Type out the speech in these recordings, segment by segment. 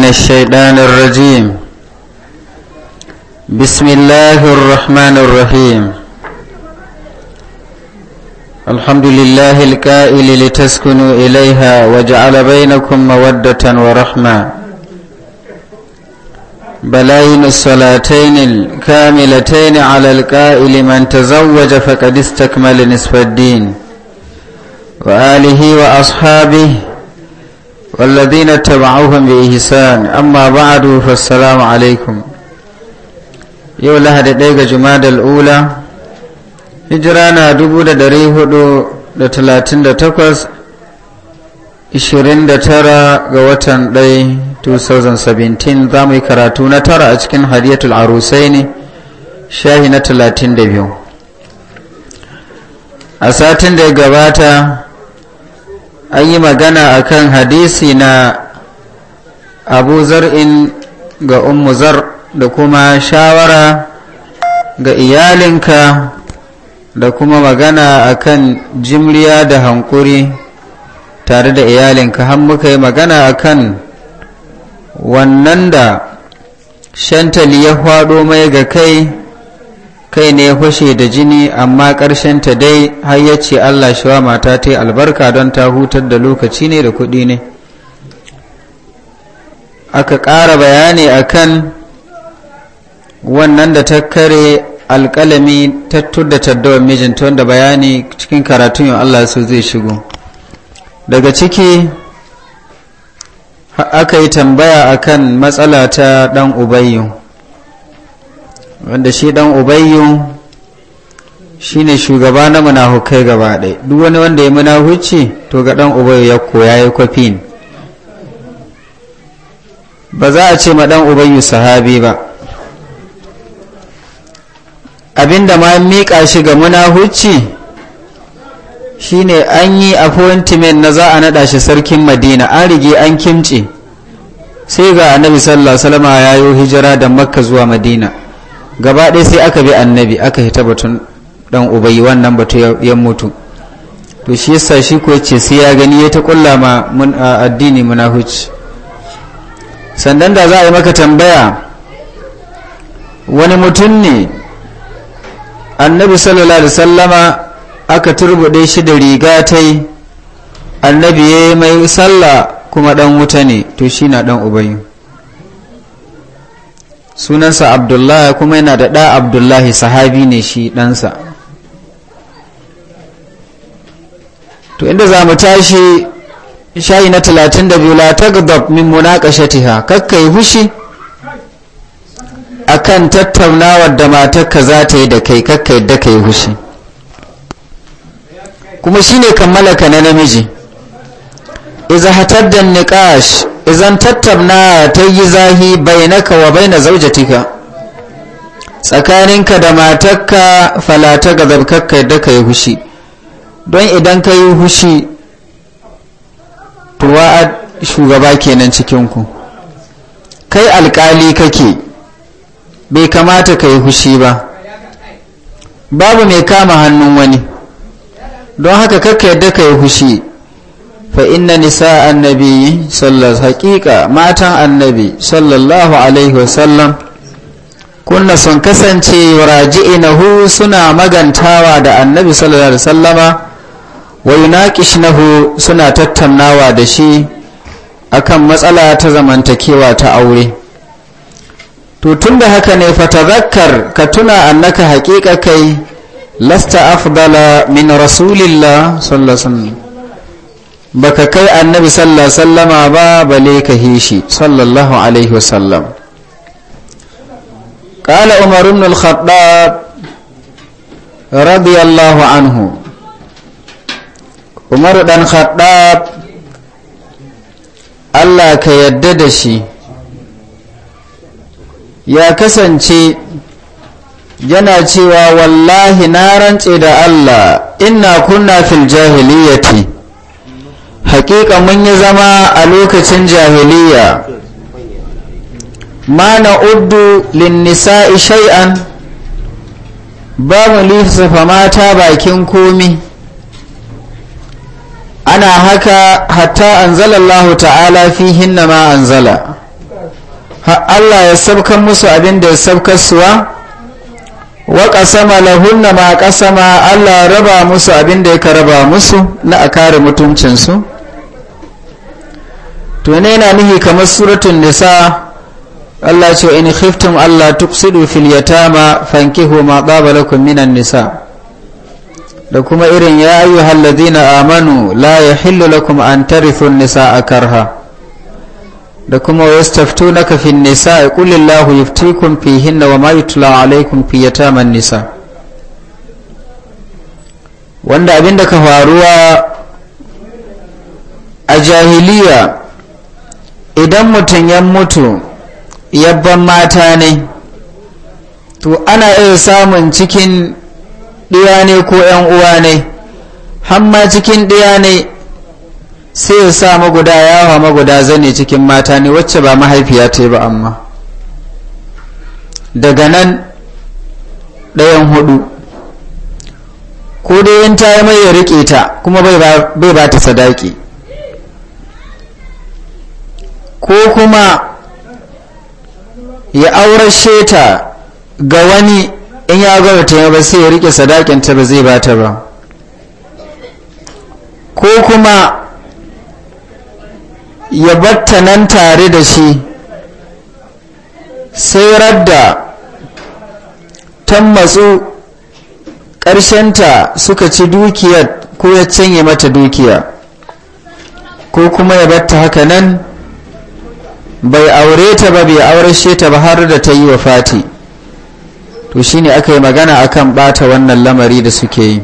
من الشيطان الرجيم بسم الله الرحمن الرحيم الحمد لله الكائل لتسكنوا إليها وجعل بينكم مودة ورحمة بلاين الصلاتين الكاملتين على الكائل من تزوج فقد استكمل نصف الدين وآله وأصحابه والذين اتبعوهم بإحسان أما بعد فالسلام عليكم yau lahadi ɗaya ga jumadal ula hijira na 438 29 ga watan 1 2017 za mu yi karatu na tara a cikin hadiyatul arusai ne shahi na 32 a satin da ya gabata an yi magana a kan hadisi na abu zar'in ga ummu zar da kuma shawara ga iyalinka da kuma magana a kan jimriya da hankuri tare da iyalinka har muka yi magana a kan wannan da shantali ya faɗo mai ga kai kai ne ya fashe da jini amma ta dai har ya ce allah shiwa mata ta yi albarka don ta hutar da lokaci ne da kuɗi ne aka ƙara bayani akan wannan da ta kare alƙalami ta da taddawar mijinta wanda bayani cikin karatun yau allah su zai shigo daga ciki aka yi tambaya akan matsala ta ɗan ubayyu wanda shi dan ubayyu shine shugaba na munafukai gaba ɗaya duk wani wanda ya munafuci to ga dan ubayyu ya koya ya kwafi ba za a ce ma dan ubayyu sahabi ba abinda ma mika shi ga munafuci shine an yi appointment na za a naɗa shi sarkin madina an rige an kimce sai ga annabi sallallahu alaihi wasallam ya yi hijira da makka zuwa madina gaba ɗaya sai aka bi annabi aka hita batun dan ubayi wannan batu ya mutu to shi yasa shi ko ce sai ya gani ya ta kulla ma mun addini munahuci sannan da za a yi maka tambaya wani mutum ne annabi sallallahu alaihi sallama aka turbude shi da riga ta annabi ya yi mai sallah kuma ɗan wuta ne to shi na dan ubayi sunansa abdullahi kuma yana da ɗa abdullahi sahabi ne shi ɗansa to inda za mu tashi shayi na talatin da biyu latagdab tagdab min munaqashatiha kakka yi hushi kan tattaunawar da matarka za ta yi da kai kakka yadda ka yi hushi kuma shine kammala ka na namiji izahatar da niqash izan tattabna ta yi zahi bainaka wa baina zaujatika tsakaninka da matakka falata ga zarkakka da ka yi hushi don idan ka yi hushi tuwa shugaba kenan cikinku kai alkali kake bai kamata ka yi hushi ba babu mai kama hannun wani don haka kakka yadda ka yi hushi fa inna nisa annabi sallallahu haƙiƙa matan annabi sallallahu alaihi wa sallam kunna sun kasance waraji'inahu suna magantawa da annabi sallallahu alaihi wasallama wa yunaqishnahu suna tattannawa da shi akan matsala ta zamantakewa ta aure to tunda haka ne fa fatadhakkar ka tuna annaka haƙiƙa kai lasta afdala min rasulillah sallallahu alaihi wasallam baka kai annabi sallallahu sallama ba bale ka hishi sallallahu alaihi wasallam قال عمر بن الخطاب رضي الله عنه عمر بن الخطاب Allah ka yadda da shi ya kasance yana cewa wallahi na rantse da Allah inna kunna fil jahiliyyati haƙiƙa mun yi zama a lokacin jahiliya ma na uddu linnisa'i shay'an ba mu lissafa mata bakin komi ana haka hatta Allahu ta'ala fihin na ma anzala Allah ya sabkan musu abin da ya suwa wa ƙasama lahunna ma ƙasama Allah raba musu abin da ya raba musu na a kare mutuncinsu to ne yana nihi kamar suratun nisa Allah ce in khiftum Allah tufsidu fil yatama fankihu ma qaba minan nisa da kuma irin ya ayyuhal ladina amanu la yahillu lakum an tarithu nisaa karha da kuma yastaftunaka ya nisaa qul Allahu yuftikum fihinna wa ma yutla alaykum fi yataman nisa wanda abinda ka faruwa a jahiliya idan mutum ya mutu yabban mata ne to ana iya samun cikin ɗiya ne ko ‘yan uwa ne hamma cikin ɗiya ne sai ya sa maguda yawa maguda zane cikin mata ne wacce ba mahaifiya ta ba amma daga nan ɗayan hudu ko dai in ta yi mai ya riƙe ta kuma bai ba ta sadaki ko kuma ya aurashe ta ga wani in ya gama ta ba sai ya rike sadakinta ba zai bata ba ko kuma ya batta nan tare da shi sai radda tan matsu ƙarshenta suka ci dukiyar ko ya canye mata dukiya ko kuma ya batta haka nan bai aure ta ba bai aure ta ba har da ta yi wa fati to shine aka yi magana akan bata wannan lamari da suke yi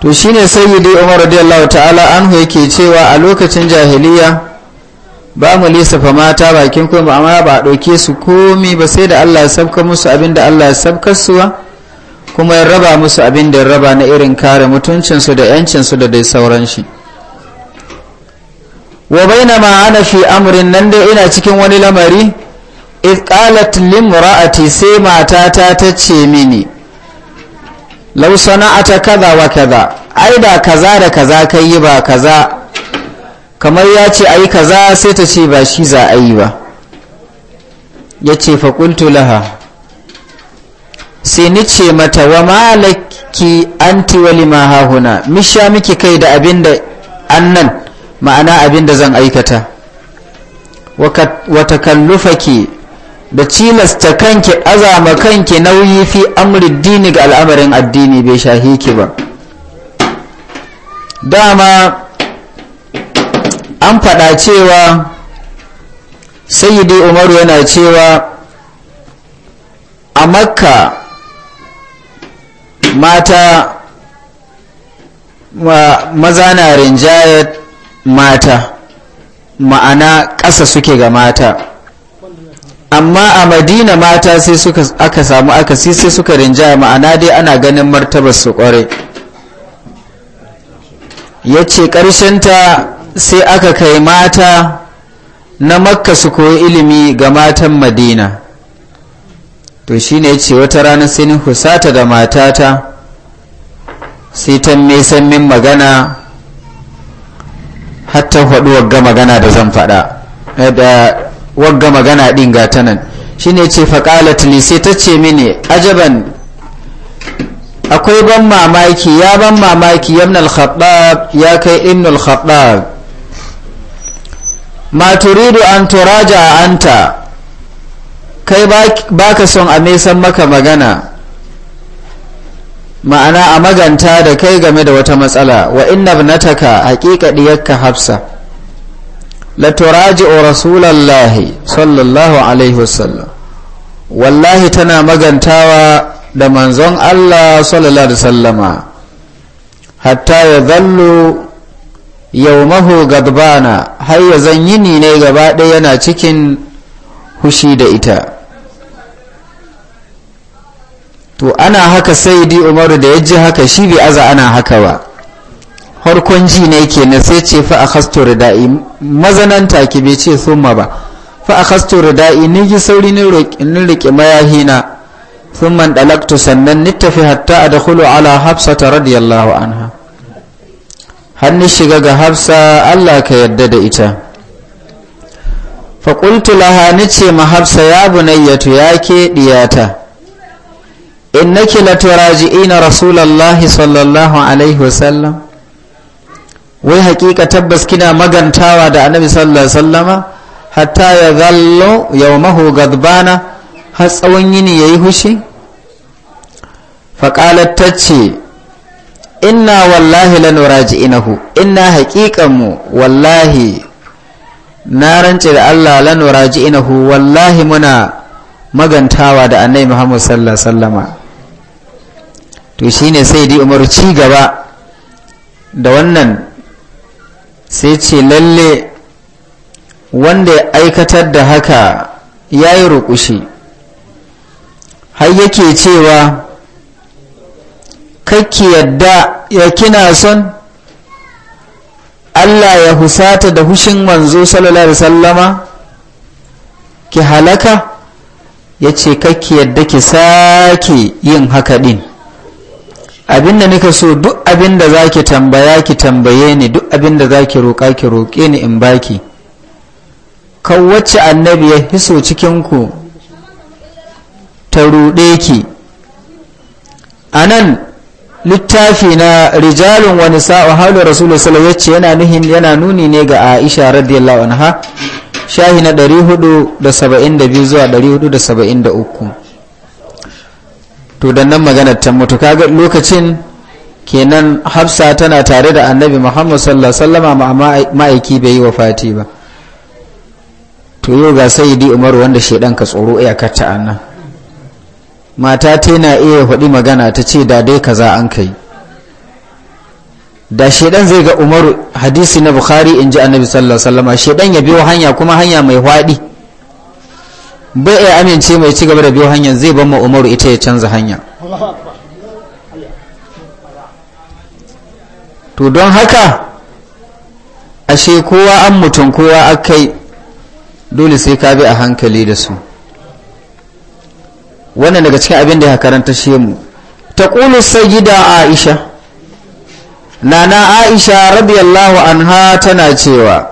to shine sayyidi umar radiyallahu ta'ala anhu yake cewa a lokacin jahiliya ba mu lissafa mata bakin kuma amma ba a ɗauke su komi ba sai da allah ya sabka musu abin da allah ya sabkar suwa kuma ya raba musu abin da ya raba na irin kare mutuncinsu da 'yancinsu da dai sauran shi wa ma ana fi amrin nan dai ina cikin wani lamari id qalat limra'ati sai matata ta ce mini law sana'ata kaza wa kaza ai da kaza da kaza kai yi ba kaza kamar ya ce ai kaza sai ta ce ba shi za a yi ba ya ce fa qultu laha sai ni ce mata wa malaki anti walima hahuna misha miki kai da abinda annan ma'ana abin da zan aikata wata kallufaki da cilasta kanki azama kanki nauyi fi amrin dini ga al'amarin addini bai shahiki ba dama an faɗa cewa sayyidi umaru yana cewa a makka mata ma na rinjayar mata ma'ana ƙasa suke ga mata amma a madina mata sai suka aka samu akasi sai suka rinja ma'ana dai ana ganin martabar su kware ya ce ta sai aka kai mata na makka su koyi ilimi ga matan madina to shine ya ce wata rana sai ni husata da matata sai ta mai san min magana hatta faɗi wagga magana da zan faɗa eh, da wagga magana ɗin ga ta nan shi ne ce faƙalat ne sai ta ce mini ajaban akwai ban mamaki ya ban mamaki yamna al-khattab ya kai ibn al-khattab ma turidu an turaja anta kai baka son a mesan maka magana ma'ana a maganta da kai game da wata matsala wa inna ibnataka haqiqa diyakka hafsa la turaji rasulallahi sallallahu alaihi wasallam wallahi tana magantawa da manzon Allah sallallahu alaihi wasallama hatta ya zallu yawmahu gadbana har ya zan yini ne gaba daya yana cikin hushi da ita to ana haka sayidi umaru da ya ji haka shi bai aza ana haka ba harkon ji ne ke na sai ce fa a kasto rida'i mazanan take bai ce summa ba fa a kasto rida'i ni ji sauri ni rike mayahina sun man dalaktu sannan ni tafi hatta a dakulu ala hafsa ta radiyallahu anha hannun shiga ga hafsa allah ka yadda da ita faƙultu laha ni ce ma hafsa ya bunayyatu ya ke ɗiyata innaki laturaji'ina rasulallahi sallallahu alaihi wasallam wai haƙiƙa tabbas kina magantawa da annabi sallallahu alaihi wasallama hatta ya zallo yawmahu gadbana har tsawon yini yayi hushi faƙalar ta ce ina wallahi lanuraji'inahu inna ina haƙiƙanmu wallahi na rance da Allah lanuraji'inahu wallahi muna magantawa da annabi Muhammad sallallahu alaihi wasallama to ne sai di umaru ci gaba da wannan sai ce lalle wanda ya aikatar da haka ya yi rukushi har yake cewa kakki yadda ya kina son Allah ya husata da hushin manzo sallallahu alaihi sallama ki halaka yace ce kakki yadda ki sake yin haka din abinda nika so duk abinda za ki tambaya ki tambaye ni duk abinda za ki roƙa ki roƙe ni in baki wacce annabi ya hiso cikinku ta ruɗe ki a nan littafi na rijalin wani sa'a halu rasulun salawace yana nuhin yana nuni ne ga aisha radiyallahu anha shahi na 472 zuwa 473 to dan nan magana ta mutu kaga lokacin kenan hafsa tana tare da annabi muhammad sallallahu sallama ma'aiki bai yi wa fati ba to yau ga sayyidi umaru wanda shaidan ka tsoro iyakar ta annan mata ta na iya faɗi magana ta ce da dai kaza an kai da shedan zai ga umaru hadisi na bukhari in ji annabi sallallahu wasallam shedan ya biyo hanya kuma hanya mai hwaɗi bai iya amince mai ci gaba da biyo hanyar zai ban ma umaru ita ya canza hanya to don haka ashe kowa an mutum kowa akai dole sai ka bi a hankali da su wannan daga cikin abin da ya karanta shi mu ta ƙulu sayida aisha nana aisha radiyallahu anha tana cewa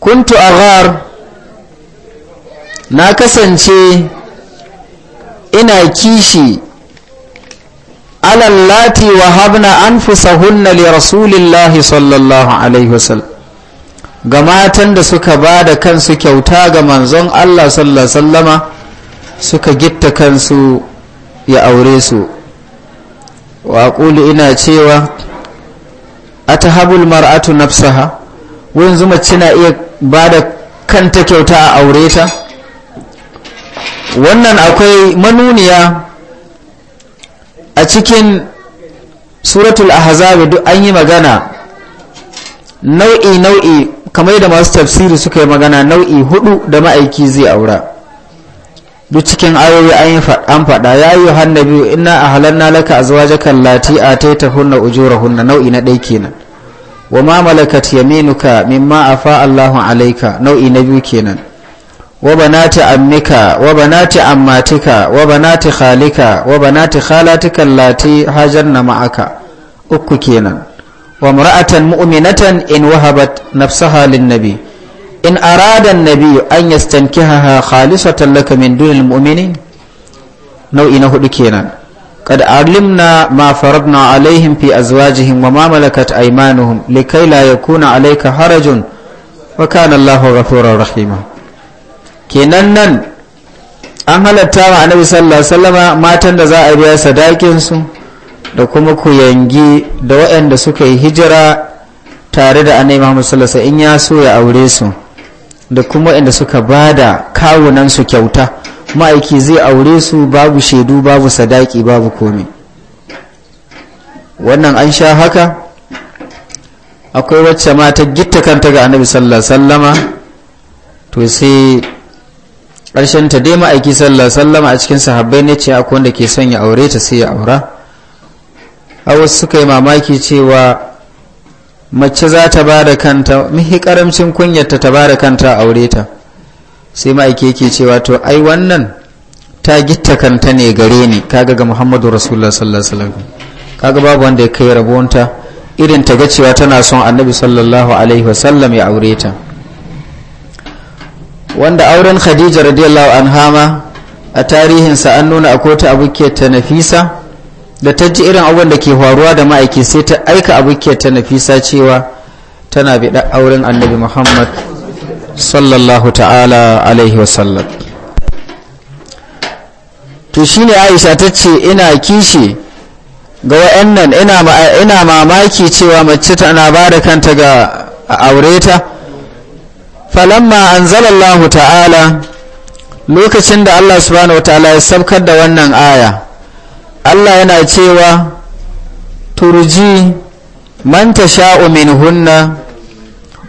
kuntu a na kasance ina kishi alallati wa habna an fusahunna li rasulillahi sallallahu alaihi wasallam ga matan da suka ba da kansu kyauta ga manzon Allah sallallahu sallama suka gitta kansu ya aure su wa ina cewa a ta mar'atu nafsaha wanzu mace na iya ba da kanta kyauta a aure ta wannan akwai manuniya a cikin suratul ahzab duk an yi magana nau'i nau'i kamar da masu tafsiri suka yi magana nau'i hudu da ma'aiki zai aura duk cikin ayoyi an faɗa ya yi hannabi ina a halanna laka azwajaka lati a taita hunna ujura hunna nau'i na ɗai kenan wa ma malakat yaminuka mimma afa Allahu alaika nau'i na biyu kenan وبنات أمك وبنات أماتك وبنات خالك وبنات خالاتك اللاتي هاجرن معك أككينا وامرأة مؤمنة إن وهبت نفسها للنبي إن أراد النبي أن يستنكهها خالصة لك من دون المؤمنين نو إنه لكينا قد علمنا ما فرضنا عليهم في أزواجهم وما ملكت أيمانهم لكي لا يكون عليك حرج وكان الله غفورا رحيما kenan nan an halatta wa annabi sallallahu alaihi wasallama matan da za a biya sadakin su da kuma ku yangi da waɗanda suka yi hijira tare da annabi Muhammad sallallahu alaihi in ya so ya aure su da kuma inda suka bada kawunan su kyauta ma'aiki zai aure su babu shaidu babu sadaki babu komai wannan an sha haka akwai wacce mata gitta kanta ga annabi sallallahu alaihi wasallama to sai ƙarshen ta dai ma'aiki sallallahu sallama a cikin sahabbai ne ce akwai wanda ke son ya aure ta sai ya aura a wasu suka yi mamaki cewa mace za ta ba da kanta mihi karamcin kunyarta ta ba da kanta aure ta sai ma'aiki yake cewa to ai wannan ta gitta kanta ne gare ni kaga ga muhammadu rasulullah sallallahu alaihi wasallam kaga babu wanda ya kai rabonta irin ta ga cewa tana son annabi sallallahu alaihi wasallam ya aure ta wanda auren khadija radiyallahu anha ma a tarihinsa an nuna a kota ta nafisa da ta ji irin abin da ke faruwa da ma'aiki sai ta aika abuke ta nafisa cewa tana biɗa auren annabi muhammad sallallahu ta'ala alaihi wasallam to shine aisha ta ce ina kishi ga wa'annan ina mamaki cewa mace tana ba da kanta ga aureta falamma anzalallahu ta'ala lokacin da Allah subhanahu wataala ya sabkar da wannan aya Allah yana cewa turji man tasha'u minhunna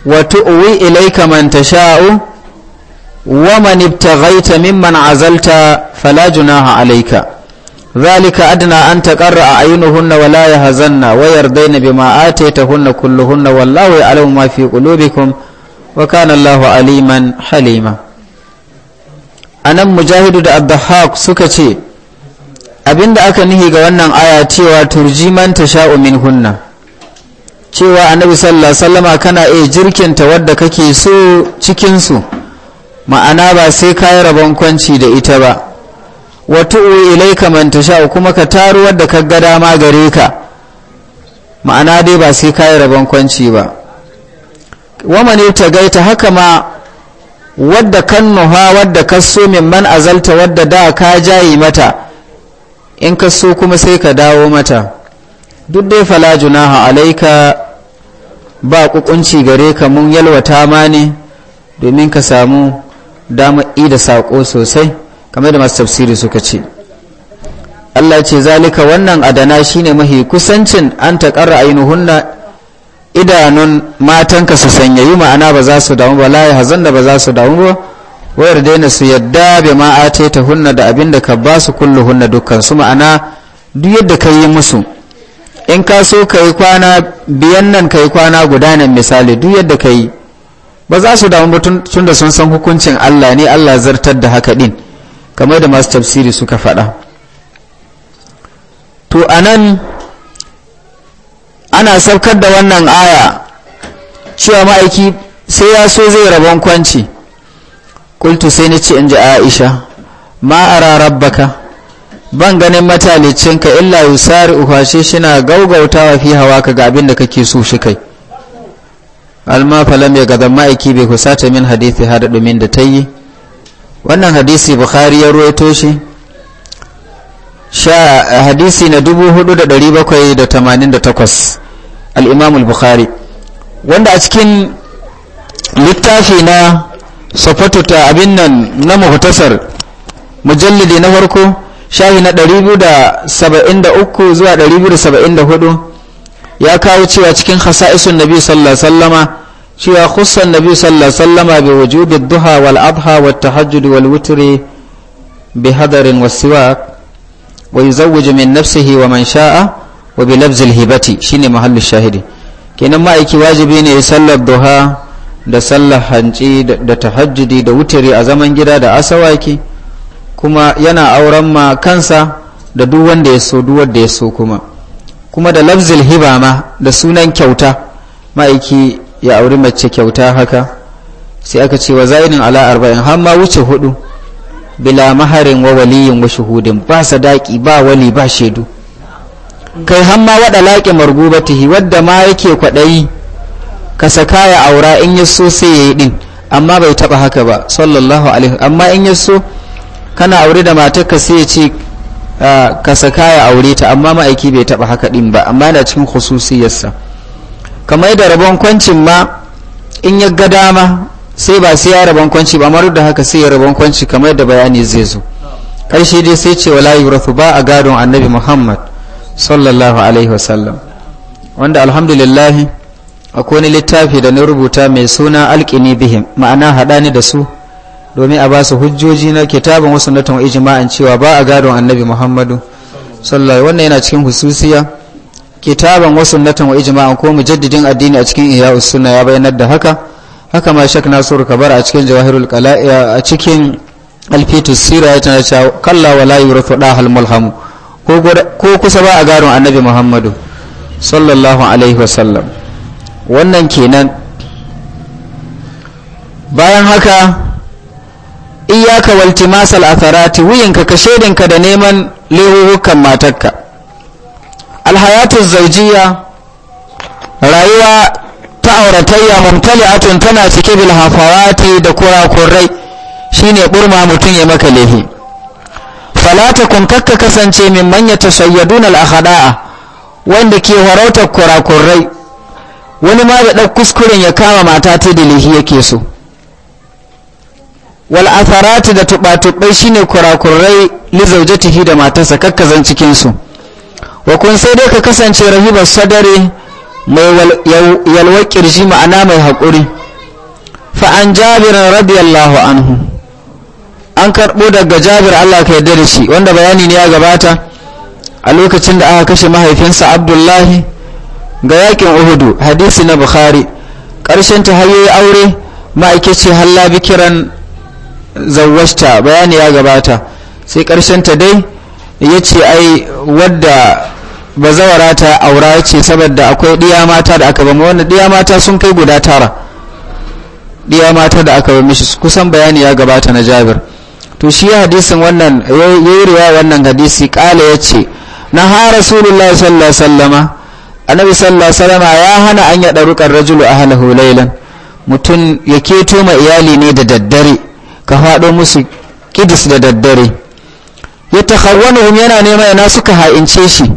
wa tu'wi ilayka man tasha'u wa man ibtaghaita mimman azalta fala junaha alayka ذلك أدنى أن تقرأ أعينهن ولا يهزن ويرضين بما آتيتهن كلهن والله يعلم ما في قلوبكم wa kana Allahu aliman halima anan mujahidu da abdahaq suka ce abinda aka nihi ga wannan aya cewa turjiman tasha'u min hunna cewa annabi sallallahu alaihi wasallama kana iya jirkinta wadda kake so cikin su ma'ana ba sai yi rabon kwanci da ita ba wa uwi ilaika man sha'u kuma ka taru wadda ka ga dama gare ka ma'ana dai ba sai yi rabon kwanci ba wamani ta gaita haka ma wadda kan nuha wadda ka so min man azalta wadda da ka jayi mata in ka so kuma sai ka dawo mata duk dai fala junaha alaika ba kukunci gare ka mun yalwata ma ne domin ka samu damar da saƙo sosai kamar da masu tafsiri suka ce Allah ce zalika wannan adana shine mahi kusancin an taƙarra ainihin idanun matanka su sanyayi ma'ana ba za su damu ba layi hazan da ba za su damu ba wayar daina su yadda bai ma ate ta hunna da abinda ka ba su kullu hunna dukkan su ma'ana duk yadda ka yi musu in ka so ka yi kwana biyan nan ka yi kwana guda nan misali duk yadda ka yi ba za su damu ba tun da sun san hukuncin allah ne allah zartar da haka din kamar da masu tafsiri suka faɗa to anan ana saukar da wannan aya cewa ma'aiki sai ya so zai rabon kwanci kultu sai ni ce in ji aisha ma'ara rabbaka ban ganin matalicinka illa yusari uhashe gaugauta wa fi hawa ka ga abin da kake so shi kai alma falam ya gaza ma'aiki bai ta min hadithi har dumin da ta yi wannan hadisi bukhari ya ruwaito shi sha hadisi na 4788 al-imam al-bukhari wanda a cikin littafi na sofato ta abin nan na muhtasar mujallidi na farko shahi na 273 zuwa 274 ya kawo cewa cikin khasa'isun nabi sallallahu sallama cewa khussan nabi sallallahu sallama bai wujudi duha wal adha wat tahajjud wal witri bi hadarin was siwak wa yuzawwiju min nafsihi wa man sha'a wa bi labzil hibati shine mahallu shahidi kenan ma'aiki wajibi ne sallar duha da sallar hanci da tahajjudi da wuturi a zaman gida da asawaki kuma yana auren ma kansa da duk wanda ya so duk wanda ya so kuma kuma da labzil hiba ma da sunan kyauta ma'aiki ya auri mace kyauta haka sai aka ce wa zainin ala arba'in har ma wuce hudu bila maharin wa waliyin wa shuhudin ba sadaki ba wali ba shaidu kai hamma wada laƙe margubatihi wadda ma yake kwaɗayi ka saka ya aura in ya so sai ya yi ɗin amma bai taɓa haka ba sallallahu alaihi amma in ya so kana aure da ka sai ya ce ah, ka saka ya aure ta amma ma'aiki bai taɓa haka ɗin ba amma yana cikin khususiyarsa kamar da rabon kwancin ma in ya ga dama sai ba sai ya rabon kwanci ba amma da haka sai ya rabon kwanci kamar da bayani zai zo karshe dai sai ce wala yurathu ba a gadon annabi muhammad sallallahu alaihi wasallam wanda alhamdulillahi akwai wani littafi da na rubuta mai suna alkini bihim ma'ana haɗa ni da su domin a ba su hujjoji na kitabin wasu na ijima'an cewa ba a gadon annabi muhammadu sallallahu wannan yana cikin hususiya kitaban wasu na ijima'an ko mujaddidin addini a cikin iya sunna ya bayyanar da haka haka ma shak nasiru kabar a cikin jawahirul qala'i a cikin alfitus sira ya tana cewa kalla wala yurafu mulhamu ko kusa ba a garin annabi muhammadu sallallahu alaihi wasallam wannan kenan bayan haka iyaka waltimasal atharati wuyinka ka dinka da neman lewukan matarka Alhayatun zaujiya rayuwa ta auratayya mumtali'atun tana cike bil yi da kurakurai shine burma mutum ya maka lehi falata kun kakka kasance min man ta al-akhda'a wanda ke warautar kurakurai wani ma da ɗan kuskuren ya kama mata ta da lihi yake so wal da tubatubai shine kurakurai li tihi da matarsa kakkazan cikin wa kun sai dai ka kasance rahibar sadare mai yalwar kirji ma'ana mai haƙuri fa an jabirin radiyallahu anhu an karɓo daga jabir allah ka yarda da shi wanda bayani ne ya gabata a lokacin da aka kashe mahaifinsa abdullahi ga yakin uhudu hadisi na bukhari ƙarshen ta hayoyi aure ce halla bikiran zawashta bayani ya gabata sai ƙarshen ta dai ya ce ai wadda zawara ta aura ce saboda akwai ɗiya mata da aka bama wanda ɗiya mata sun kai guda tara ɗiya mata da aka bama shi kusan bayani ya gabata na jabir to shi hadisin wannan yi riwaya wannan hadisi kala yace ha rasulullah sallallahu alaihi wasallam annabi sallallahu alaihi wasallam ya hana an ya kan rajulu ahlahu laylan mutum ya keto ma iyali ne da daddare ka fado musu kidis da daddare ya takhawwanuhum yana nema yana suka ha'ince shi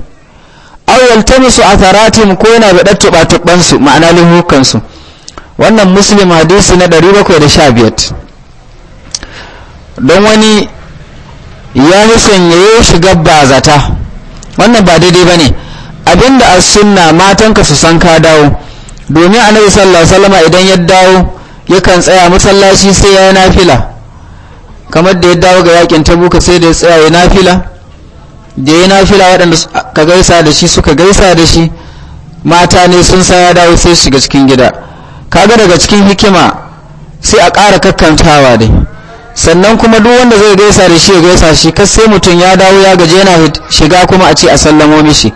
aw yaltamisu atharatim ko yana da tuba tuban su ma'ana lihukan wannan muslim hadisi na 715 don wani ya fi sanyaye shiga bazata wannan ba daidai ba ne abinda a sunna matanka su san ka dawo domin annabi sallallahu alaihi salama idan ya dawo yakan tsaya masallaci sai ya yi nafila kamar da ya dawo ga yakin tabuka sai da ya tsaya ya nafila da ya nafila waɗanda ka gaisa da shi suka gaisa da shi mata ne sun sa ya dawo sai shiga cikin gida kaga daga cikin hikima sai a ƙara kakkantawa dai sannan kuma duk wanda zai gaisa da shi ya gaisa shi kas sai mutum ya dawo ya gaje yana shiga kuma a ce a sallamo mishi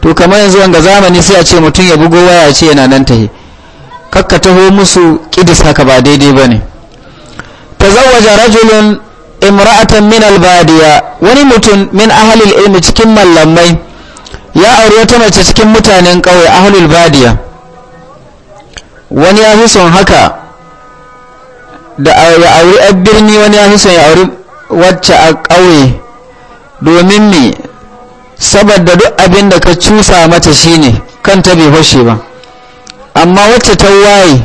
to kamar yanzu wanga zamani sai a ce mutum ya bugo waya ce yana nan tahi kakka taho musu kidis haka ba daidai ba bane tazawwaja rajulun imra'atan min albadiya wani mutum min ahalil ilmi cikin mallamai ya aure wata mace cikin mutanen kauye ahalul badiya wani ya fi son haka da ya auri a birni wani ya fi son ya auri wacce a ƙauye domin me saboda duk abin da ka cusa mata shine kanta bai fashe ba amma wacce ta waye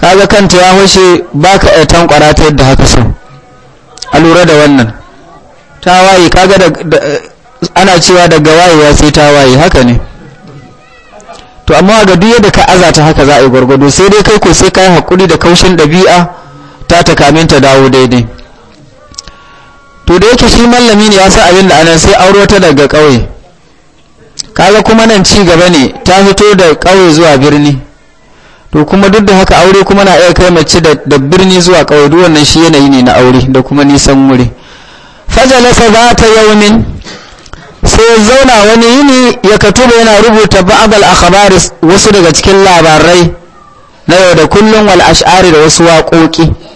kaga kanta ya fashe baka ka tankwara ta yadda haka so a lura da wannan ta waye kaga da ana cewa daga wayewa sai ta waye haka ne to amma ga duk yadda ka azata haka za a yi gwargwado sai dai kai ko sai ka yi haƙuri da kaushin ɗabi'a ta takamin ta dawo daidai to da yake shi mallami ne ya sa abin da anan sai auro ta daga ƙauye kaga kuma nan ci gaba ne ta fito da ƙauye zuwa birni to kuma duk da haka aure kuma na iya kai mace da birni zuwa ƙauye duk wannan shi yanayi ne na aure da kuma nisan wuri fajalasa za ta yaumin sai ya zauna wani yini ya katuba yana rubuta ba'abal akhbari wasu daga cikin labarai na yau da kullum wal ash'ari da wasu waƙoƙi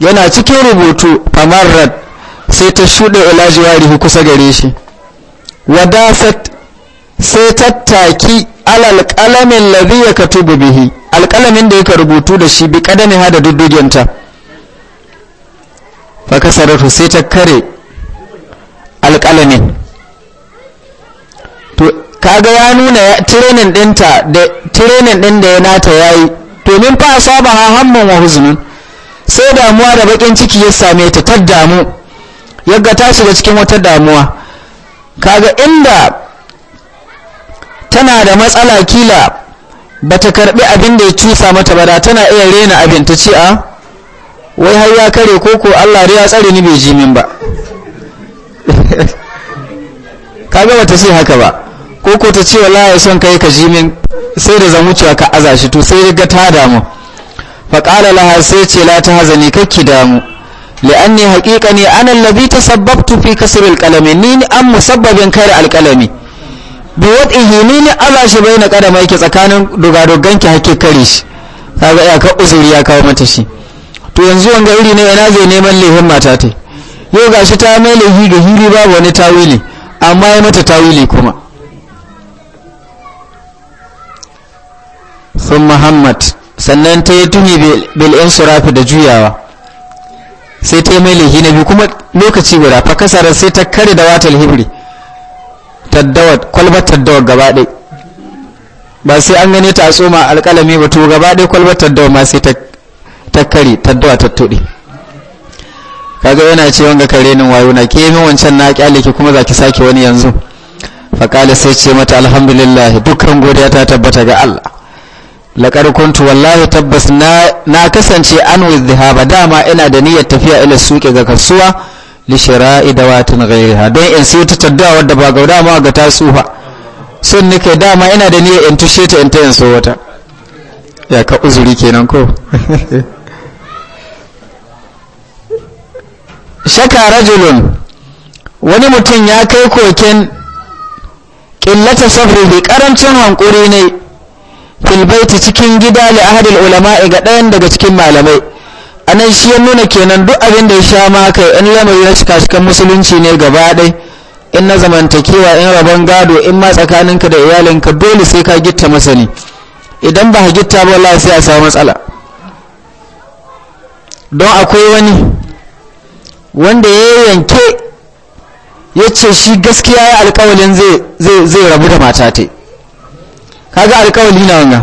yana cikin rubutu famarrat sai ta shuɗe ilajiwarihi kusa gare shi wadasat sai tattaki alal kalamin ladhi ya tubu bihi alƙalamin da yaka rubutu da shi bi kadami ha da duddugenta fa sai ta kare alƙalamin. to kaga ya nuna training ɗinta da training din da ya nata yi to min fa saba ha hamman wa huzumin. sai damuwa da bakin ciki ya same ta ta damu yadda ta shiga cikin wata damuwa kaga inda tana da matsala kila bata karbi abin da ya cusa mata ba da tana iya rena abin ta ce a ah, wai har ya kare koko Allah ya tsare ni bai ji min ba kaga ta ce haka ba koko ta ce wallahi son kai ka ji min sai da zan ka aza shi to sai ga ta damu faƙala laha sai ce la ta hazani kakki damu li'anni haƙiƙa ne an allabi ta sababtu fi kasar alƙalami ni ni an musabbabin kare alƙalami bi waɗihi ni ni ala shi bai na ƙadama yake tsakanin dogadogan ki haƙƙi kare shi ta ga iyakar uzuri ya kawo mata shi to yanzu wanga iri ne yana zai neman lehin mata ta yau ga shi ta mai lehi ga hiri babu wani tawili amma ya mata tawili kuma sun muhammad sannan ta yi tuni bil surafi da juyawa sai ta yi mai lihi na biyu kuma lokaci guda fa kasara sai ta kare da watal hibri taddawar kwalbar taddawar gaba ɗai ba sai an gane ta a tsoma alƙalami ba to gaba ɗai kwalbar taddawar ma sai ta kare taddawa ta tuɗe kaga yana ce wanga kare nin wayo na ke min wancan na kyale ki kuma za ki sake wani yanzu kala sai ce mata alhamdulillah dukkan godiya ta tabbata ga Allah laƙar kuntu wallahi tabbas na kasance an wizdihaba dama ina da niyyar tafiya ila suke ga kasuwa lishira'i dawatin ghairiha don in sai ta taddawa wadda ba gauda ma ga ta tsufa sun nake dama ina da niyyar in tushe ta in ta in so wata ya ka uzuri kenan ko shaka rajulun wani mutum ya kai koken ƙillata safri bi karancin hankuri ne filbaiti cikin gida li ahadil ulama'i ga ɗayan daga cikin malamai a nan shi ya nuna kenan duk abin da ya sha ma kai in lamari na cika cikin musulunci ne gaba ɗai in na zamantakewa in rabon gado in ma tsakaninka da iyalinka dole sai ka gitta masani idan ba ka gitta ba wallahi sai a samu matsala don akwai wani wanda ya yanke ya ce shi gaskiya ya alkawalin zai rabu da mata ta kaga alƙawali na wanga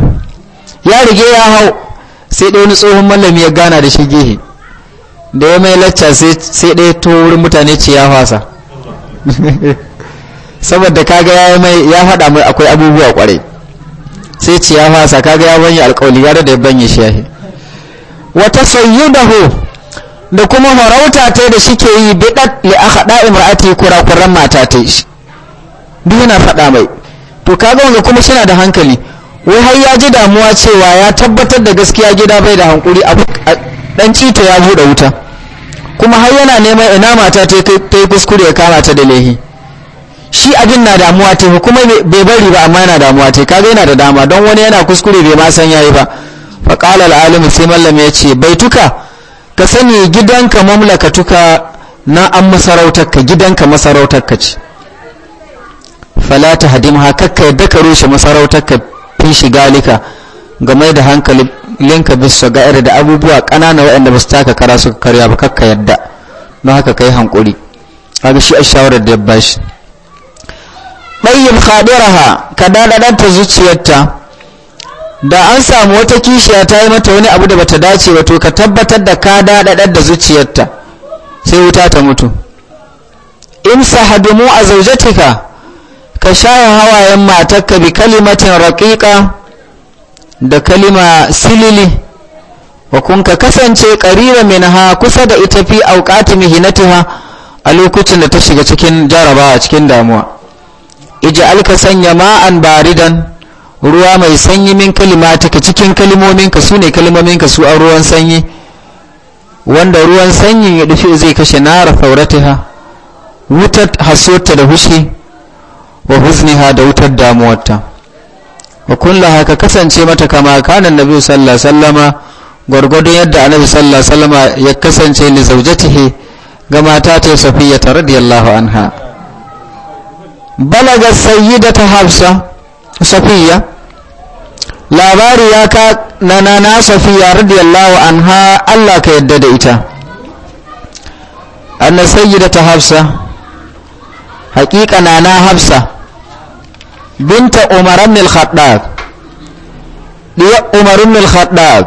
ya rige ya hau sai dai wani tsohon mallami ya gana da shi gehe da ya mai lacca sai dai to wurin mutane ce ya fasa saboda kaga ya mai ya faɗa mai akwai abubuwa kwarai sai ce ya fasa kaga ya banye alƙawali ya da ya banye shi yahe wata sayyudahu da kuma farauta ta da shi ke yi bidat li akhada imraati kurakuran mata ta duk yana faɗa mai to kaga wanga kuma shi da hankali wai har ya ji damuwa cewa ya tabbatar da gaskiya gida bai da hankuri a dan cito ya buɗe wuta kuma har yana neman ina mata ta ta kuskure ya kama ta da lehi shi abin na damuwa ta kuma bai bari ba amma yana damuwa ta kaga yana da dama don wani yana kuskure bai ma san yayi ba fa qala al alim sai mallam ya ce bai tuka ka sani gidanka mamlakatuka na an ka gidanka masarautarka ce fala ta hadimha kakka yadda ka rushe ka fi shigalika game da linka bisa irin da abubuwa ƙanana waɗanda ba su taka kara suka karya ba kakka yadda don haka kai hankuri kaga shi a shawarar da ya bashi ɗayyib khadiraha ka dadadanta zuciyarta da an samu wata kishiya ta yi mata wani abu da bata dace ba to ka tabbatar da ka dadadar da zuciyarta sai wuta ta mutu in sahadumu a zaujatika ka shaye hawayen matakka bi kalimatin raƙiƙa da kalima silili wa kun ka kasance ƙarira min ha kusa da ita fi auƙati mihinatiha a lokacin da ta shiga cikin jarabawa cikin damuwa ija alka sanya ma'an baridan ruwa mai sanyi min kalimatika cikin kalimominka su ne kalimominka su a ruwan sanyi wanda ruwan sanyin ya dufe zai kashe nara fauratiha wutar hasota da hushi wa ha da wutar damuwarta wa kulla ka kasance mata kama kanan nabi sallallahu alaihi wasallama gwargwadon yadda annabi sallallahu alaihi wasallama ya kasance ni zaujatihi ga mata ta safiya ta radiyallahu anha balaga sayyidata hafsa safiya labari ya ka na safiya radiyallahu anha Allah ka yadda da ita anna sayyidata hafsa haƙiƙa na na hafsa binta umaran milhaddad ɗiya umarun milhaddad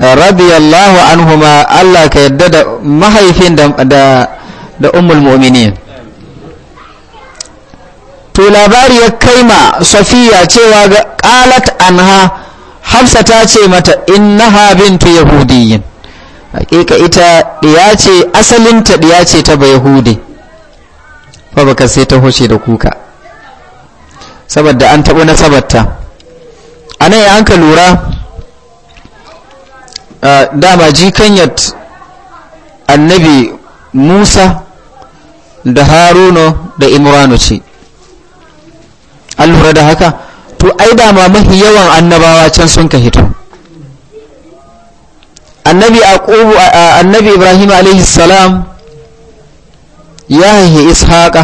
radiyallahu anhuma allah ka yadda da mahaifin da umul to labari ya kai ma safiya cewa ga ƙalat anha hafsa ta ce mata innaha bintu yahudiyin haƙiƙa ita ɗiya ce asalinta ɗiya ce ta bayahudi babakar sai ta hoce da kuka saboda an taɓo nasabarta a nan an ka lura dama jikanyat annabi musa da haruno da imranu ce an lura da haka to ai dama mafi yawan annabawa can sun ka hito annabi ibrahim alaihi ya haihi ishaqa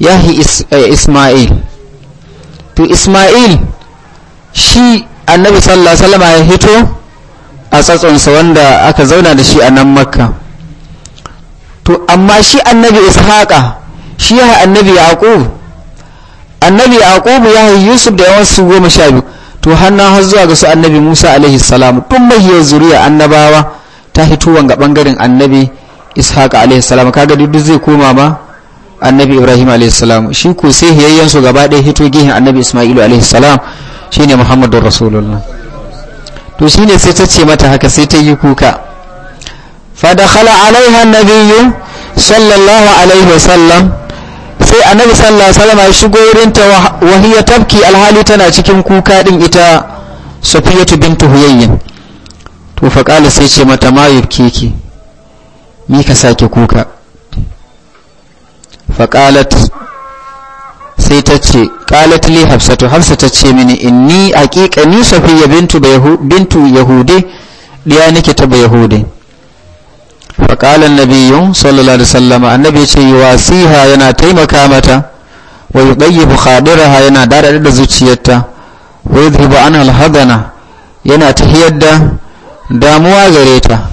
ya haihi eh, isma'il to isma'il shi annabi sallallahu alaihi wasallam ya hito a tsatsonsa wanda aka zauna da shi a nan makka to amma shi annabi ishaqa shi ya annabi yaqub annabi yaqub ya haihi yusuf da yawan su goma sha biyu to hannu har zuwa ga su annabi musa alaihi salam tun mahiyar zuriya annabawa ta hitowa ga bangaren annabi ishaq alaihi salam kaga duk zai koma ma annabi ibrahim alaihi salam shi ko sai hiyayyen su gaba ɗaya hito gihin annabi isma'ilu alaihi salam shine muhammadur rasulullah to shine sai ta ce mata haka sai ta yi kuka fa dakhala alaiha annabiyyu sallallahu alaihi wasallam sai annabi sallallahu alaihi wasallam ya shigo wurin ta hiya tabki alhali tana cikin kuka din ita safiyatu bintu huyayyin to fa qala sai ce mata ma yubkiki ni ka sake kuka faƙalat sai ta ce ƙalat li hafsatu hafsa ta ce mini inni aƙiƙa ni safiya bintu bintu yahude ɗiya nake ta yahude faƙalan biyu sallallahu alaihi wasallama annabi ce yi wasiha yana taimaka mata wa yi ɗayyibu khadiraha yana daɗaɗe da zuciyarta wa yi zuba an alhadana yana hiyar da damuwa gare ta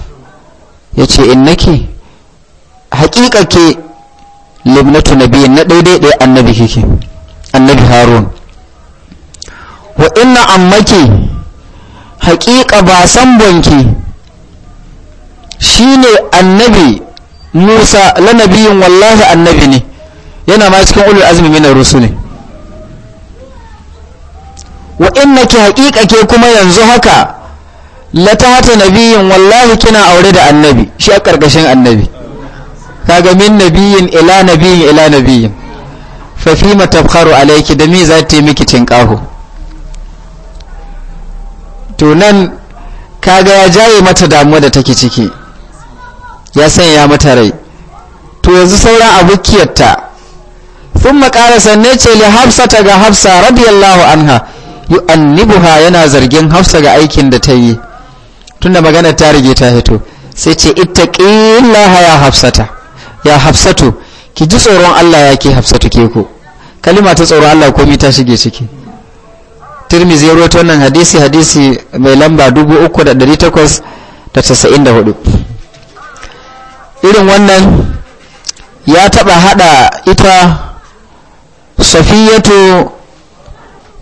ya ce in nake hakika ke limnatu nabi na ɗaiɗaiɗai annabi kike annabi harun wa inna ammaki hakika ba sambonki shine annabi musa lanabiyin wallahi annabi ne yana ma cikin ulul azumi minar rusuli wa innaki hakika ke kuma yanzu haka wata nabiyin wallahi kina aure da annabi shi a ƙarƙashin annabi kaga min nabiyin ila nabiyin ila nabiyin fa fi a alayki da mi za ta yi miki tinkaho to nan kaga ya jaye mata damuwa da take ciki ya sanya mata rai to yanzu sauran abukiyarta sun makara sanne ce li hafsa ta ga hafsa radiyallahu anha yu'annibuha yana zargin hafsa ga aikin da ta yi tunda magana ta rige ta hito sai ce ittaqillaha ya hafsata ya hafsatu ki ji tsoron Allah ya ke hafsatu ke ku kalima ta tsoron Allah komai ta shige ciki tirmizi ya rawaito wannan hadisi hadisi mai lamba 3894 irin wannan ya taba hada ita safiyatu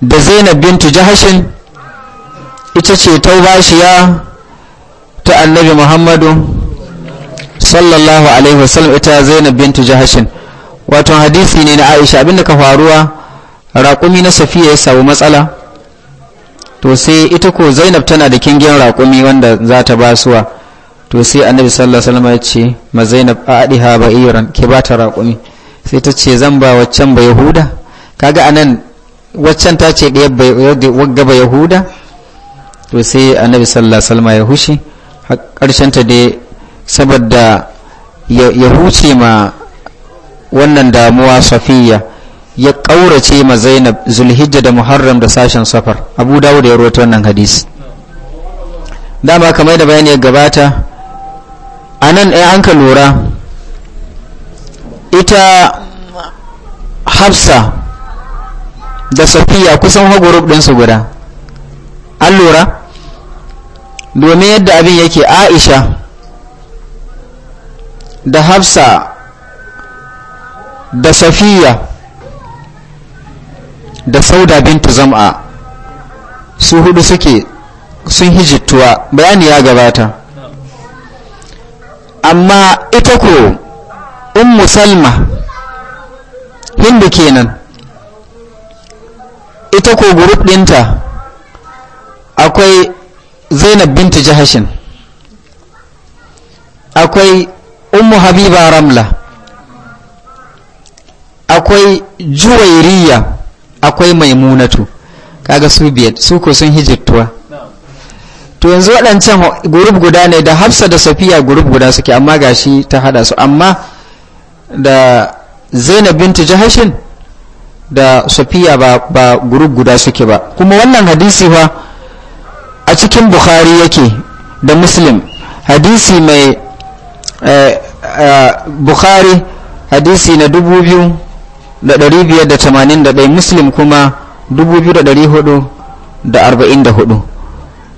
da zainab bintu jahashin ita ce taubashiya ta annabi muhammadu sallallahu alaihi wasallam ita zainab bintu jahashin wato hadisi ne na aisha abinda ka faruwa raƙumi na safiya ya samu matsala to sai ita ko zainab tana da kingin raƙumi wanda za ta basuwa to sai annabi sallallahu alaihi wasallam ya ce ma zainab a adiha ba iran ke ba ta raƙumi sai ta ce zan ba waccan ba yahuda kaga anan waccan ta ce ɗaya wagga ba yahuda to sai annabi sallallahu alaihi wasallam ya hushi ta dai saboda ya huce ma wannan damuwa safiya ya ƙaurace ma zainab zulhijja da muharram da sashen safar abu dawo da ya rota wannan hadisi dama kamar da bayan ya gabata a nan ɗaya an ka lura ita hafsa da safiya kusan hagurub ɗinsu guda an lura domin yadda abin yake aisha da hafsa da safiya da sauda bintu zam'a su hudu suke sun hijittuwa bayani ya gabata amma ita ko in musalma hindu kenan ita ko gurub dinta akwai zainab bintu jahashin akwai Umu habiba ramla akwai juwairiya akwai maimunatu kaga su biyar su ko sun hijirtuwa to yanzu waɗancan gurub guda ne da hafsa da safiya gurub guda suke amma gashi ta hada su amma da zainab bintu jahashin da safiya ba, gurub guda suke ba kuma wannan hadisi ba. a cikin bukhari yake da muslim hadisi mai eh, eh, bukhari hadisi na 2581 muslim kuma 2444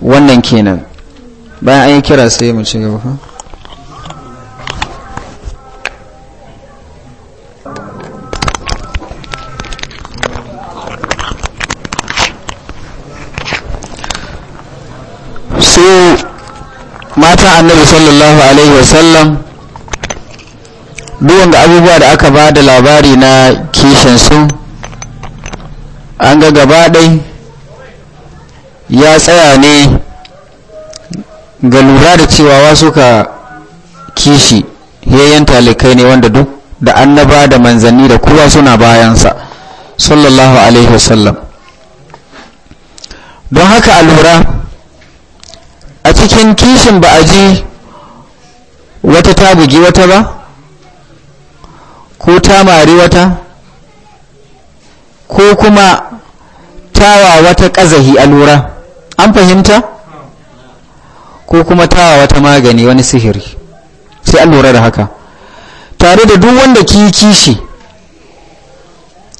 wannan kenan bayan an yi kira sai mu ci gaba annabi sallallahu alaihi wasallam duk da abubuwa da aka ba da labari na kishin su an ga gabaɗai ya tsaya ne ga lura da cewa wasu ka kishi yayyan talikai ne wanda duk da annaba da manzanni da kowa suna bayansa sallallahu alaihi wasallam don haka a lura cikin kishin ba a ji wata ta bugi wata ba ko ta mari wata ko kuma tawa wata ƙazahi lura an fahimta ko kuma tawa wata magani wani sihiri sai an lura da haka tare da duk wanda ki kishi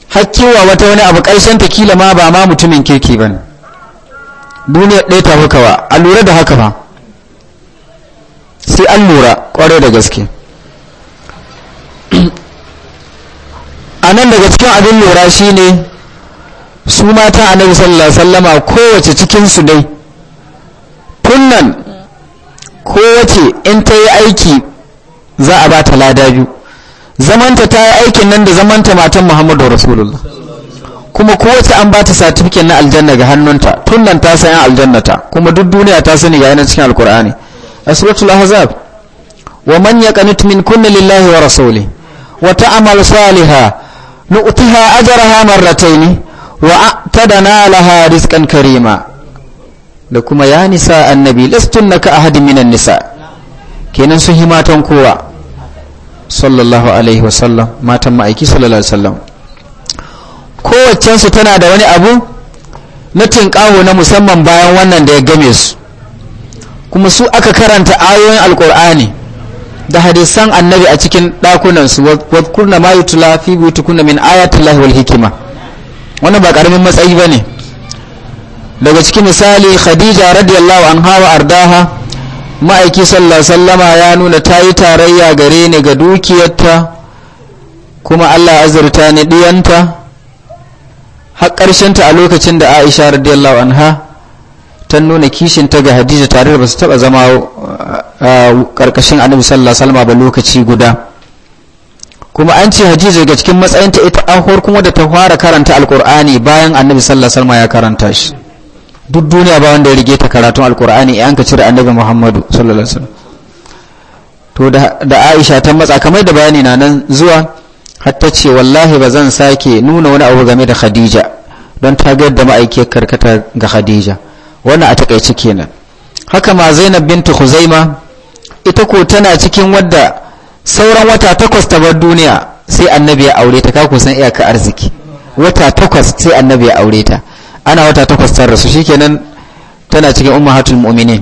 hakkiwa wata wani abu ƙarshen ta kila ma ba ma mutumin kirki ba ne duniya ɗaya ta maka ba a lura da haka ba sai an lura ƙwarai da gaske a nan daga cikin abin lura shi ne su mata a nan sallallahu sallama kowace cikinsu dai kunnan kowace in ta yi aiki za a ba ta lada biyu zamanta ta yi aikin nan da zamanta matan muhammadu rasulullah kuma kowace an ba ta satifiket na aljanna ga hannunta tun nan ta san aljanna ta kuma duk duniya ta sani ga yana cikin alkur'ani asratul ahzab wa man yaqanut min kunna lillahi wa rasuli wa ta'mal salihan nu'tiha ajraha marratayn wa atadana laha rizqan karima da kuma ya nisa annabi lastunnaka ahad minan nisa kenan sun himatan kowa sallallahu alaihi wasallam matan ma'aiki sallallahu alaihi wasallam kowacensu tana da wani abu na tinƙaho na musamman bayan wannan da ya game su kuma su aka karanta ayoyin alkur'ani da hadisan annabi a cikin ɗakunansu wadkurna ma yutula fi butukuna min ayatullahi wal hikima wannan ba ƙaramin matsayi ba ne daga cikin misali khadija radiyallahu an hawa ardaha ma'aiki sallallahu sallama ya nuna ta yi tarayya gare ni ga dukiyarta kuma allah azurta ni ɗiyanta har ta a lokacin da aisha radiyallahu anha ta nuna kishin ta ga hadiza tare da ba su taɓa zama ƙarƙashin annabi sallallahu alaihi wasallam ba lokaci guda kuma an ce hadiza ga cikin matsayinta ita an kuma da ta fara karanta alkur'ani bayan annabi sallallahu alaihi wasallam ya karanta shi duk duniya ba wanda ya rige ta karatun alkur'ani eh, an ka cire annabi muhammadu sallallahu alaihi wasallam to da aisha ta matsa kamar da bayani na nan zuwa hatta ce wallahi ba zan sake nuna wani abu game da khadija don ta ga yadda ma'aikiyar karkata ga khadija wannan a takaici kenan haka ma zainab bintu khuzaima ita ko tana cikin wadda sauran wata takwas ta bar duniya sai annabi ya aure ta kako san iyaka arziki wata takwas sai annabi ya aure ta ana wata takwas ta rasu shikenan tana cikin ummatul mu'minin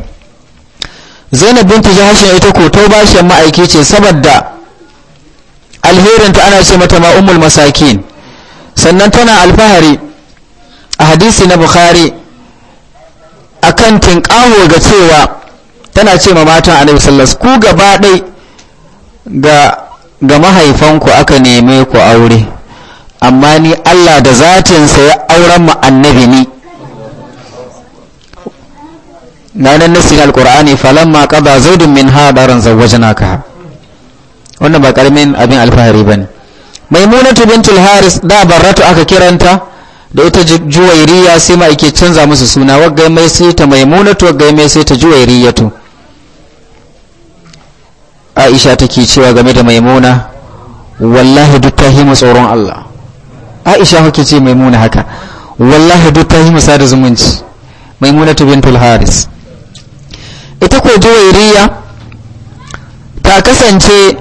zainab bintu jahashin ita ko to bashin ma'aiki ce saboda alherin ta ana ce mata ma masakin sannan tana alfahari a hadisi na bukhari kan tinƙaho ga cewa tana ce ma matan annabi sallas ku gaba ɗai ga mahaifanku aka neme ku aure amma ni Allah da zatinsa ya auren mu annabi ni na nan nasi na alƙur'ani falamma qada zaidun min hadaran zawwajnaka wannan ba karamin abin alfahari ba ne maimunatu bintul haris da barratu aka kiranta da ita juwairiya sai ma ake canza musu suna wagga mai sai ta maimunatu wagga mai sai ta juwairiyatu aisha take cewa game da maimuna wallahi duk ta himu tsoron allah aisha hake ce maimuna haka wallahi duk ta himu sada zumunci maimunatu bintul haris ita ko juwairiya ta kasance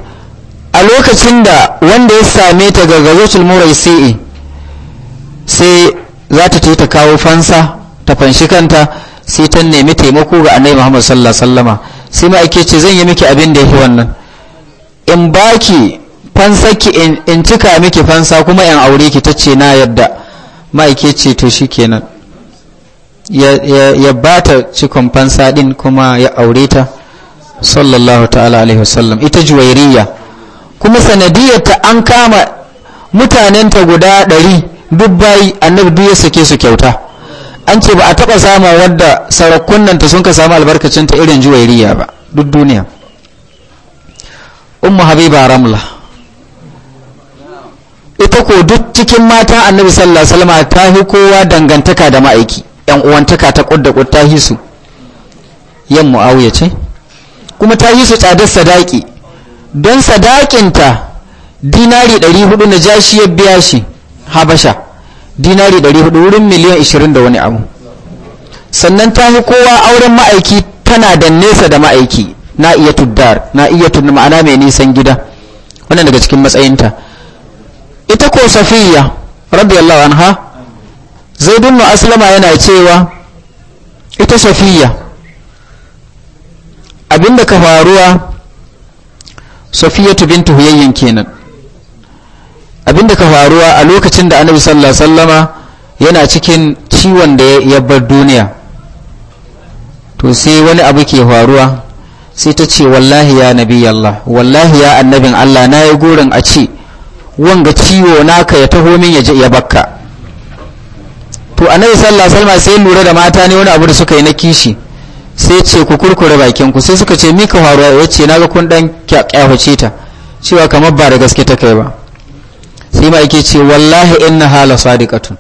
a lokacin da wanda ya same ta ga gazotul murai sai za ta ta kawo fansa ta fanshi kanta sai ta nemi taimako ga annabi Muhammad sallallahu alaihi wasallama sai ma ake ce zan yi miki abin da yake wannan in baki fansaki in cika miki fansa kuma in aure ki tace na yadda ma ake ce to shikenan ya ya bata cikon fansa din kuma ya aure ta sallallahu ta'ala alaihi wasallam ita juwairiyya. kuma sanadiyarta an kama mutanenta guda ɗari duk bayi annabi duk ya sake su kyauta an ce ba a taɓa sama wadda sarakunanta sun ka samu albarkacinta irin juwairiya ba duk duniya Umma habiba ramla ita ko duk cikin mata annabi sallallahu alaihi wasallam ta hi kowa dangantaka da ma'aiki yan uwantaka ta kudda kudda su yan muawiya ce kuma ta su tsadar sadaki don sadakinta dinari 400 na jashi ya biya shi habasha dinari 400 wurin miliyan 20 da wani abu sannan ta fi kowa auren ma'aiki tana da nesa da ma'aiki na iya tuddar na iya tuddar ma'ana mai nisan gida wannan daga cikin matsayinta ita ko safiya radiyallahu anha zaidun aslama yana cewa ita safiya abinda ka faruwa safiyatu bintu huyayyin kenan da ka faruwa a lokacin da annabi sallallahu alaihi yana cikin ciwon da ya bar duniya to sai wani abu ke faruwa sai ta ce wallahi ya nabi Allah wallahi ya annabin Allah na yi gurin a ce wanga ciwo naka ya taho min ya ya bakka to annabi sallallahu alaihi wasallam sai lura da mata ne wani abu da suka yi na kishi sai ce ku kurkure bakin ku sai suka ce mika ka faruwa ya ce naga kun dan kyahuce ta cewa kamar ba da gaske ta kai ba sai ma yake ce wallahi inna hala sadiqatun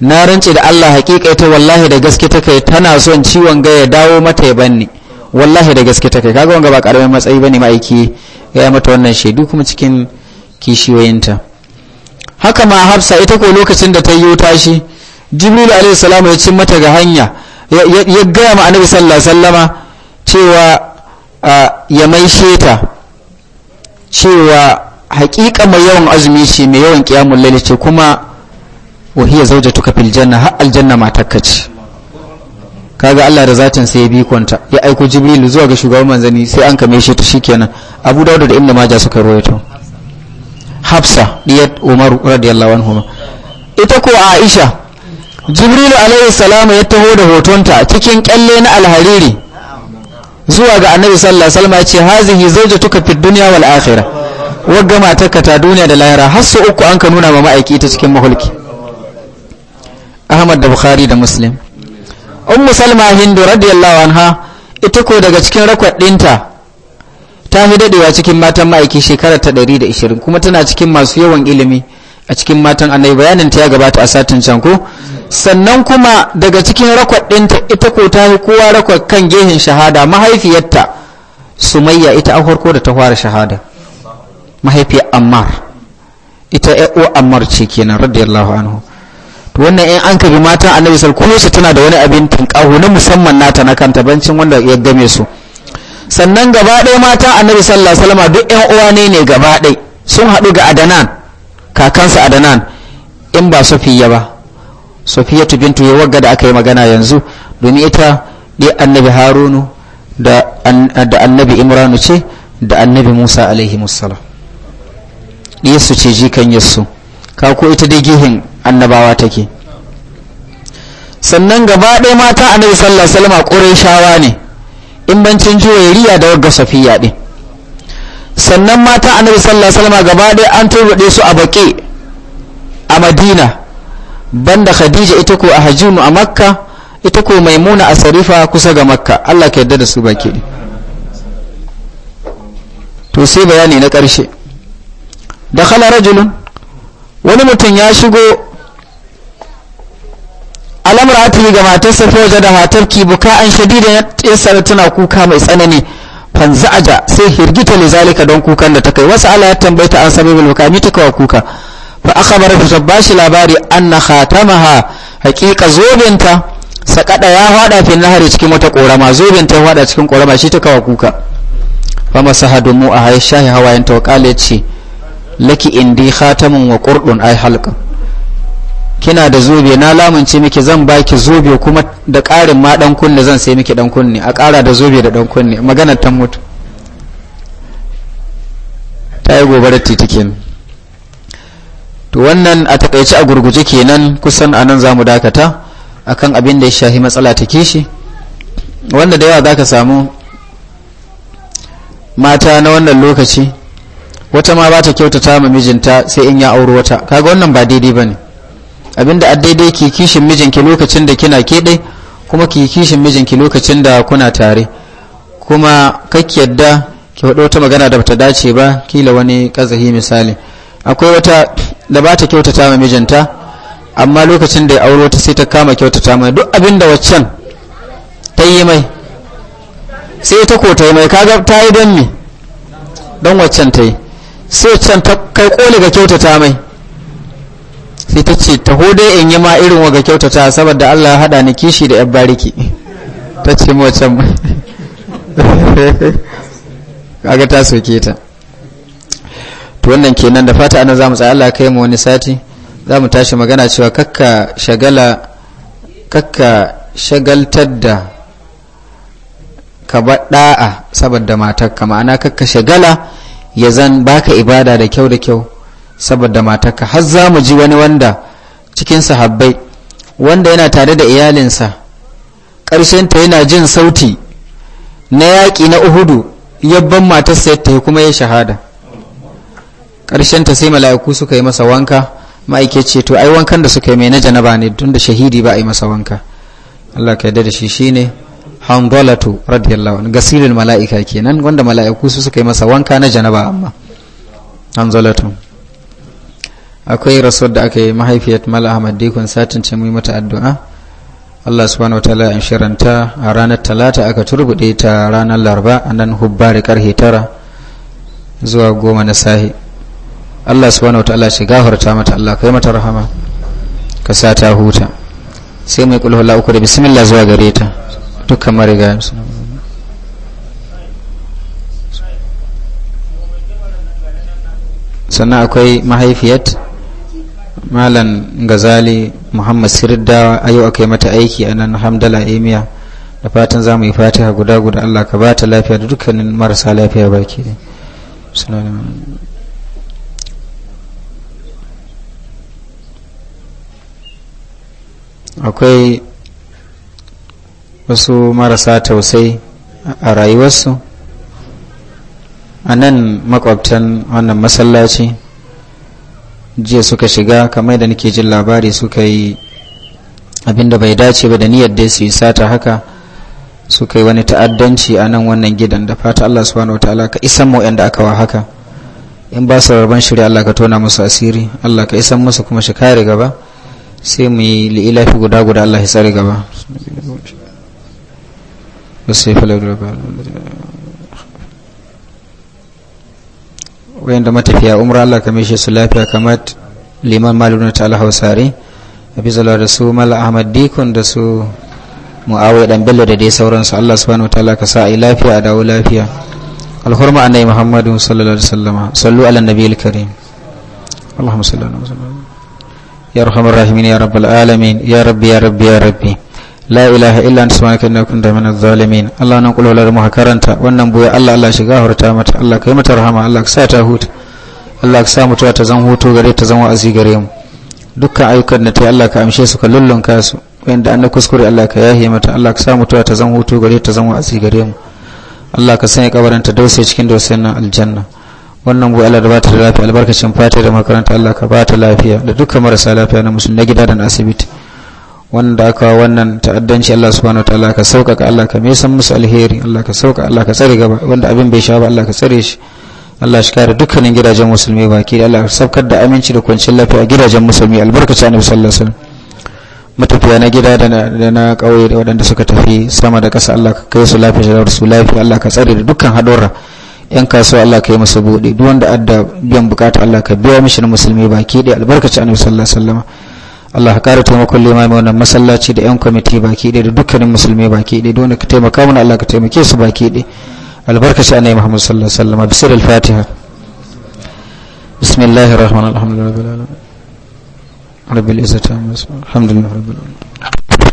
na rance da Allah hakika ita wallahi da gaske ta kai tana son ciwon ga ya dawo mata ya banni wallahi da gaske ta kai kaga wanga ba karamin matsayi bane ma'aiki ya mata wannan shaidu kuma cikin kishiyoyinta haka ma hafsa ita ko lokacin da ta yi tashi jibril alayhi salamu ya ci mata ga hanya ya gaya ma annabi sallallahu sallama cewa ya maishe ta cewa haƙiƙa mai yawan azumi ce mai yawan ƙiyamun laili ce kuma wahiyar ka fil janna har aljanna matakka ce kaga Allah da zatin sai ya bi kwanta ya aiko jibril zuwa ga shugaban manzani sai an kame shi ta shikenan Abu Dawud da Ibn Majah suka rawaito Hafsa diyat Umar radiyallahu anhu ita ko Aisha jibrilu alaihi salamu ya taho da hotonta cikin kyalle na alhariri zuwa ga annabi sallallahu alaihi wasallam ce hazihi zawjatuka fid dunya wal akhirah wagga matarka ta duniya da lahira har su uku an ka nuna ma ma'aiki ta cikin mahulki Ahmad da Bukhari da Muslim Ummu Salma Hindu radiyallahu anha ita ko daga cikin rakwad dinta ta fi dadewa cikin matan ma'aiki shekara ta 120 kuma tana cikin masu yawan ilimi a cikin matan annabi bayanin ta ya gabata a satin can ko sannan kuma daga cikin rakwad ɗinta ita ko ta yi kowa rakwad kan gehin shahada mahaifiyarta sumayya ita an farko da ta fara shahada mahaifiyar ammar ita ya'o ammar ce kenan radiyallahu anhu to wannan in an kabi matan annabi sallallahu tana da wani abin tinkahu na musamman nata na kanta bancin wanda ya game su sannan gaba ɗaya matan annabi sallallahu alaihi duk ƴan uwa ne ne gaba ɗaya sun haɗu ga adanan kakansa a adanan in ba sofiya ba ta bintu ya wagga da aka yi magana yanzu domin ita ne annabi harunu da annabi imranu ce da annabi musa alaihi musala su ce jikan yassu ka ko ita dai gihin annabawa take sannan gaba ɗaya mata annabi sallallahu alaihi wasallam ƙurai shawa ne in bancin riya da wagga sofiya ɗin sannan mata annabi sallallahu alaihi wasallam gaba ɗaya an turbuɗe su a baƙi a madina banda khadija ita ko a hajjunu a makka ita ko maimuna a sarifa kusa ga makka allah ka yarda da su baki to sai bayani na ƙarshe da khala rajulun wani mutum ya shigo alamrati ga matarsa foja da matar ki buka an shadidan ya tsara tana kuka mai tsanani fanza'aja sai hirgita ne zalika don kukan da ta kai wasu ala ya tambaita an sababul mukami ta kawo kuka fa bar ta bashi labari anna khatamaha haqiqa zobinta sakada ya hada fi nahari cikin wata korama zobinta ya hada cikin korama shi ta kawo kuka fa masahadu mu a hayshahi hawayen ta wakale ce laki indi khatamun wa qurdun ay halqa kina da zobe na lamunce miki zan baki zobe kuma da karin ma dan kunne zan sai miki dan kunne a ƙara da zobe da dan kunne maganar ta mutu ta yi gobarar titikin to wannan a takaice a gurguje kenan kusan anan za mu dakata akan abin da ya shahi matsala ta kishi wanda da yawa za ka samu mata na wannan lokaci wata ma ba ta kyautata ma mijinta sai in ya auri wata kaga wannan ba daidai ba ne abinda a daidai ki kishin mijinki lokacin da kina keɗe kuma ki kishin mijinki lokacin da kuna tare kuma kakki yadda ki faɗo wata magana da bata dace ba kila wani kazahi misali akwai wata da ba ta kyautata ma mijinta amma lokacin da ya auro ta sai ta kama kyautata mai duk abin da waccan ta yi mai sai ta ko ta yi mai kaga ta yi don me don waccan ta yi sai waccan ta kai koli ga kyautata mai sai ta ce taho dai in yi ma irin waga kyautata saboda Allah hada ni kishi da yan bariki ta ce mawacan kaga ta soke ta to wannan kenan da fata ana zamu tsaya Allah kai mu wani sati zamu tashi magana cewa kakka shagala kakka shagaltar da ka da'a saboda matar ka ma'ana kakka shagala ya zan baka ibada da kyau da kyau saboda matarka har za mu ji wani wanda cikin sahabbai wanda yana tare da iyalinsa ƙarshenta yana jin sauti na yaƙi na uhudu yabban matarsa ta kuma ya shahada ƙarshenta sai mala'iku suka yi masa wanka ma'aike ce to ai wankan da suka yi mai na janaba ne tunda shahidi ba a yi masa wanka Allah ka yarda da shi shine hamdalatu radiyallahu anhu gasirin mala'ika kenan wanda mala'iku su suka yi masa wanka na janaba amma hamdalatu akwai rasuwar da aka yi mahaifiyar Mala ahmad dikon satin ce mai mata addu'a allah subhanahu wa ta'ala in shiranta a ranar talata aka turbude ta ranar laraba a nan hubbari karhe tara zuwa goma na sahi allah subhanahu wa ta'ala ce gafarta mata allah kai mata rahama ka sa ta huta sai mai kulhula uku da bismillah zuwa gare ta dukkan mariga sannan akwai mahaifiyar. malam gazali muhammad sirdawa a yau aka yi mata aiki a nan hamdala emiya da fatan za mu yi fatiha guda guda allah ka bata lafiya da dukkanin marasa lafiya baki ne akwai wasu marasa tausai a rayuwarsu a nan makwabtan wannan masallaci jiya suka shiga kamar da nake jin labari suka yi abinda bai dace ba da niyyar da su yi sata haka suka yi wani ta'addanci a nan wannan gidan da fata Allah subhanahu wataala ka isan mu da aka wa haka in ba su rarban shirya Allah ka tona musu asiri Allah ka isan musu kuma shi kare gaba sai mu yi li'ilafi guda guda Allah ya tsare gaba wayanda matafiya umra Allah ka mishe su lafiya kamar liman maluna ta alhausari abizala da su mala ahmad dikon da su mu'awai dan bello da dai sauransu Allah subhanahu wa ta'ala ka sa ai lafiya a dawo lafiya alhurma annabi muhammadu sallallahu alaihi wasallam sallu ala nabiyil karim allahumma salli ala muhammad ya rahman rahimin ya rabbal alamin ya rabbi ya rabbi ya rabbi la ilaha illa anta subhanaka inni kuntu minaz zalimin Allah nan kula da mu karanta wannan buya Allah Allah shiga hurta mata Allah kai mata rahama Allah ka sa ta huta Allah ka sa mu ta zan hutu gare ta zan wa'azi gare mu dukkan ayyukan da ta yi Allah ka amshe su ka lullunka su wanda an kuskure Allah ka yahe mata Allah ka sa mu ta zan hutu gare ta zan wa'azi gare mu Allah ka sanya kabarin ta dausaye cikin dausayen nan aljanna wannan buya Allah da ba ta da lafiya albarkacin fata da makaranta Allah ka ba ta lafiya da dukkan marasa lafiya na musulmi na gida da na asibiti wanda aka wannan ta'addanci Allah subhanahu wataala ka sauƙaƙa Allah ka mai san musu alheri Allah ka sauƙa Allah ka tsare gaba wanda abin bai sha ba Allah ka tsare shi Allah shi kare dukkanin gidajen musulmi baki Allah sabkar da aminci da kwanciyar lafiya gidajen musulmi albarkaci annabi sallallahu alaihi wasallam matafiya na gida da na kauye da waɗanda suka tafi sama da ƙasa Allah ka kai su lafiya da su lafiya Allah ka tsare da dukkan hadura yan kasuwa Allah ka yi musu buɗe duk wanda adda biyan bukata Allah ka biya mishi na musulmi baki da albarkaci annabi sallallahu alaihi wasallam الله كاره تومو كل ما يمونا مسألة شيء ده يوم كميتي باقي ده دوكان المسلمين باقي ده دون كتير ما كمان الله كتير ما كيس باقي ده البركة شأن محمد صلى الله عليه وسلم بسر الفاتحة بسم الله الرحمن الرحيم الحمد لله رب العالمين رب العزة الحمد لله رب العالمين